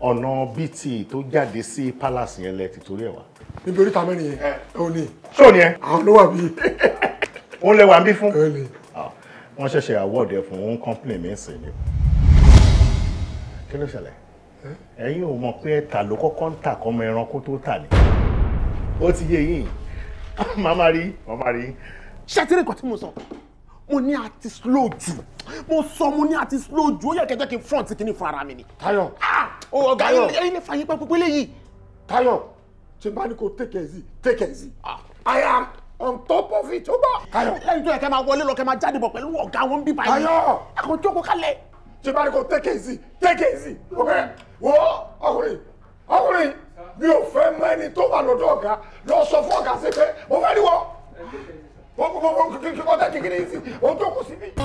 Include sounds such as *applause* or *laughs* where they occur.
ọ̀nà bt tó jáde sí palace yẹn lẹ ti torí ẹ̀ wá. níbi oríta mẹ́rin yẹn ò ní. ṣó ni ẹ. àwọn ló wà bí. ó *laughs* lè wà bí fún. ó lè. Ah, wọ́n ṣẹ̀ṣẹ̀ award ẹ̀ fún òun company mi ń sìn ni. kí ló ṣẹlẹ̀ ẹ̀yin ò mọ̀ pé ẹ̀ta ló kọ́kọ́ ń tà kọ́mọ ẹranko tó tà ni. ó ti yé yín *laughs* màmá rí màmá rí. ṣé àtìrẹ́ nǹkan tí mo sọ mo ní àti slow jù mo sọ mo ní àti slow jù ó yẹ kẹjẹ kí front kí n fún ara mi ni. Táyọ̀ ọ̀gá ẹ̀yin lè fàyín pa gbogbo eléyìí. Táyọ̀ ṣe bá ní kò take easy take easy I am on top of it ó lẹ́yìn tó yẹ kẹ́ máa wọlé lọ kẹ́ máa jáde bọ̀ pẹ̀lú ọ̀gá wọn bíbá yìí. Táyọ̀ ẹ kò jókòó kalẹ̀. ṣe bá ní kò take easy take easy ok wo ọkùnrin ọkùnrin mi ò fẹ́ mọ ẹni tó wà lọ́dọ̀ ọ̀gá lọ sọ fún ọ̀gá sí pé mo fẹ́ ní wọ́n. wọ́n kò kò kò kò tẹ́ kékeré yìí sí òun tó kù síbí.